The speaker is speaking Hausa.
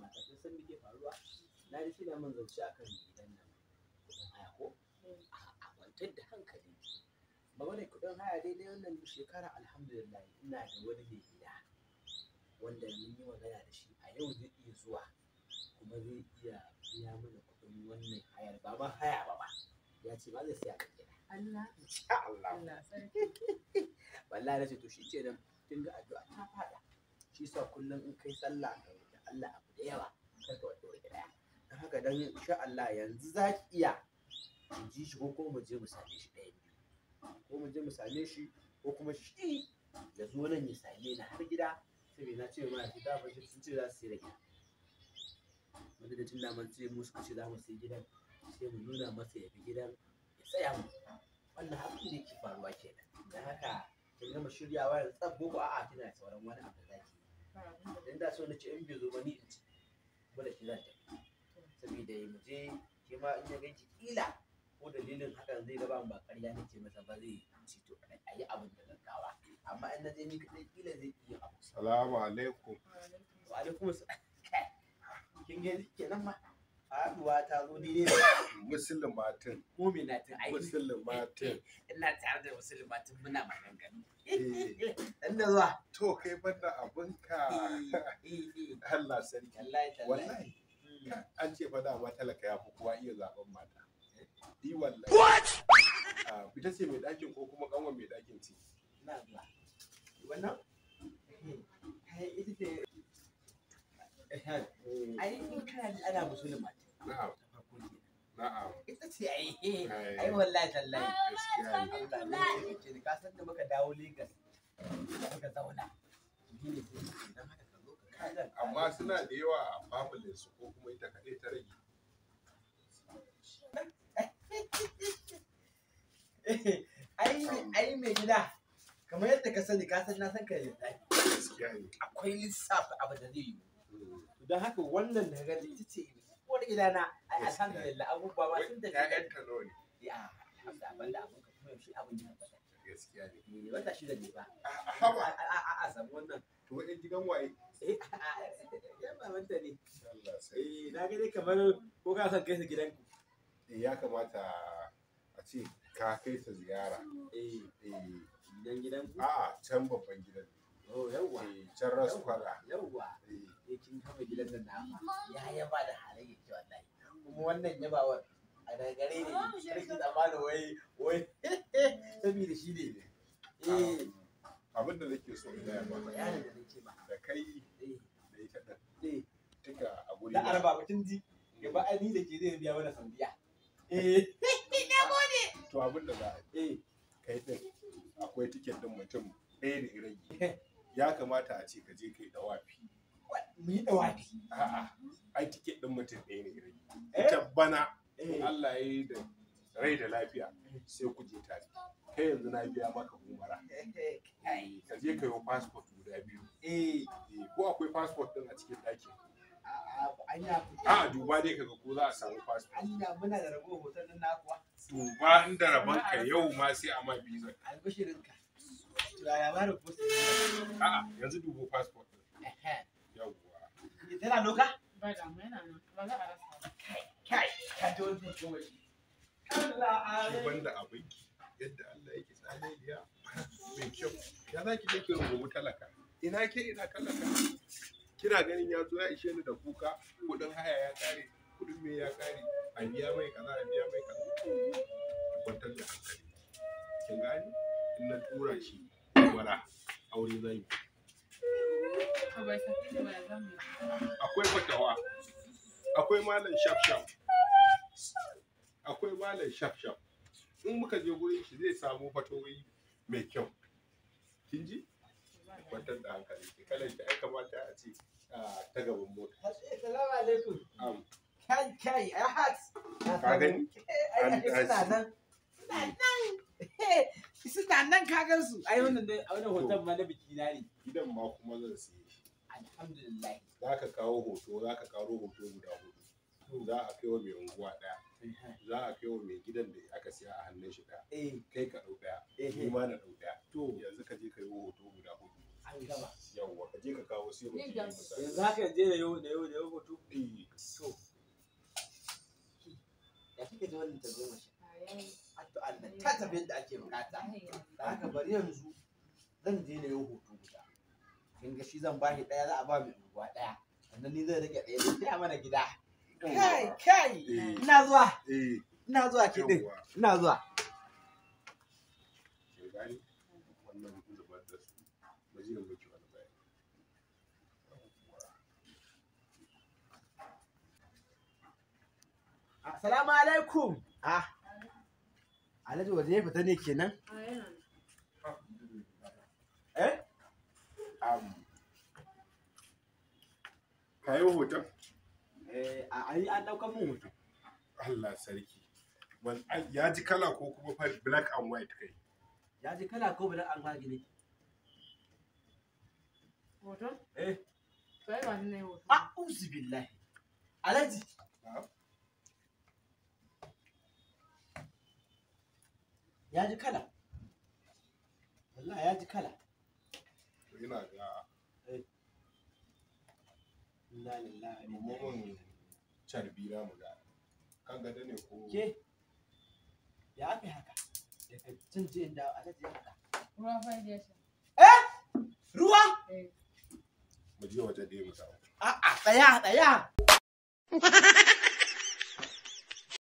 mata kin san muke faruwa na ji kina min zance akan gidan nan kudin haya ko a kwantar da hankali ba wani kudin haya daidai wannan shekara alhamdulillah ina da wani mai gida wanda mun yi magana da shi a yau zai iya zuwa kuma zai iya biya mana kudin wannan hayar ba ma haya ba ba ya ce ba zai saya ka gida Allah Allah wallahi na ce to shi kenan kin ga addu'a ta fada shi sa kullum in kai sallah Allah abu da yawa ka wanda wani daya don haka dan insha Allah yanzu za ki iya mu ji shi ko kuma mu je mu same shi ɗaya biyu ko mu je mu same shi ko kuma shi ya zo nan ya same ni har gida sai na ce ma ya da ba sun ce za su sai da gida wanda da tun daman ce mu suka ce za mu sai gidan sai mu nuna masa ya bi gidan ya tsaya mu wannan hakan da ke faruwa kenan da haka kin gama shiryawa yanzu tsab ko a'a kina sauran wani abu da zaki dan da so na ce in bai zo ba ni in ci dole ki zan saboda ya ke ma in ya ganki kila ko dalilin hakan zai gaba ba ƙarya ne ce masa ba zai ci to a yi abin da gaggawa amma in na je ni kaɗai kila zai iya abu salamu alaikum wa alaikum kin ga ma faduwa ta zo ni ne musulmatin muminatin ai musulmatin ina tare da musulmatin muna maganganu dan da zuwa to kai banda abun ka Allah sarki wallahi hmm. an ce fa dama talaka ya fi kowa iya zaben mata wallahi what ah, ita ce mai ko kuma mai ce zuwa wannan ita ce eh, eh. ana musulma na'am na'am ai ai wallahi tallahi gaskiya ne ka san da muka dawo Lagos muka zauna amma suna da yawa a family su ko kuma ita kaɗai ta rage ai me gida kamar yadda ka sani ka san na san kai akwai lissafi abu da zai yi hmm. don haka wannan da ga ita ce uwar gidana ai alhamdulillah abubuwa ma sun tafi ya'yan ne ya ka kuma yaushe ya fata gaskiya ne ne ne ba a a samu wannan to gidan waye eh, ne eh, na kamar ko ka san kai su eh, ya kamata a ce ka kai su ziyara gidan a can babban gidan oh yawwa can rasu yawwa eh kin kama gidan nan ya yaba da wannan yabawar a dangare ne karki tsammanin wai wai saboda shi ne eh abin da nake so ina yaba da kai eh. da ita da tuka eh. a guri da araba mutum ji gaba ani da ke zai biya mana sandiya eh na gode to abin da za a eh kai din akwai tiket din mutum ɗaya da rage ya kamata a ce ka je kai dawafi mu yi dawafi a'a ai tiket din mutum ɗaya ne rage ita eh? bana eh. Allah ya yi da rai da lafiya sai ku je tare kai yanzu na biya maka umara eh, ka je ka yi passport guda biyu ko akwai passport din a cikin ɗakin a duba dai kaga ko za a samu anya muna da hoton duba inda rabon ka yau ma sai a ma ka yanzu dubo passport din tana ba da ba za a rasa Shugaban da yadda Allah yake tsane ya kyau. Ya Ina ke ina Kina ganin ya zo ya ishe ni da kuka kuɗin haya ya ƙare kuɗin me ya ƙare a biya mai kaza a biya mai kaza. Kwantar da hankali. Kin gani? In na tura shi wara aure zai yi. Akwai fatawa. Akwai malam shaf shaf. malam shafshaf in muka je gurin shi zai samu fatoyi mai kyau kin ji kwantar da hankali ki kalan da ai kamata a ce ta gaban mota assalamu alaikum kai kai a hat ka gani an suna nan suna nan ka gan su ai wannan a wannan hoton ma na biki na ne gidan ma kuma zan siye shi alhamdulillah ka kawo hoto za ka kawo hoto guda hudu za a kai wa mai unguwa daya za a kai wa mai gidan da aka siya a hannun shi ɗaya eh. kai ka ɗau ɗaya eh. ni ma na ɗau ɗaya to yanzu ka je ka yi hoto guda hudu yawwa ka je ka kawo sai mu yanzu haka je da yau da yau da yau hoto eh. to ya kike da wannan zoma shi to Allah ta tafi yadda ake bukata da haka bari yanzu zan je da yau hoto guda kin ga shi zan shi ɗaya za a ba mai unguwa ɗaya sannan ni zai rike ɗaya zai mana gida kai kai eh. ina zuwa eh. ina zuwa ke din ina zuwa Assalamu alaikum. Ah. Alhaji waje ya fita ne kenan? Ah. Eh? Um. Kayo hoton. Eh, a an ɗaukar mun hoto Allah sarki ya ji kala ko kuma black and white kai ya ji kala ko black and white ne eh sai ba ne billahi ya ji kala wallahi ya ji kala ina ga eh. carbi na mu kan gado ne ko ke ya haka da a haka ruwa ya eh ruwa eh. mu je dai mu a'a tsaya tsaya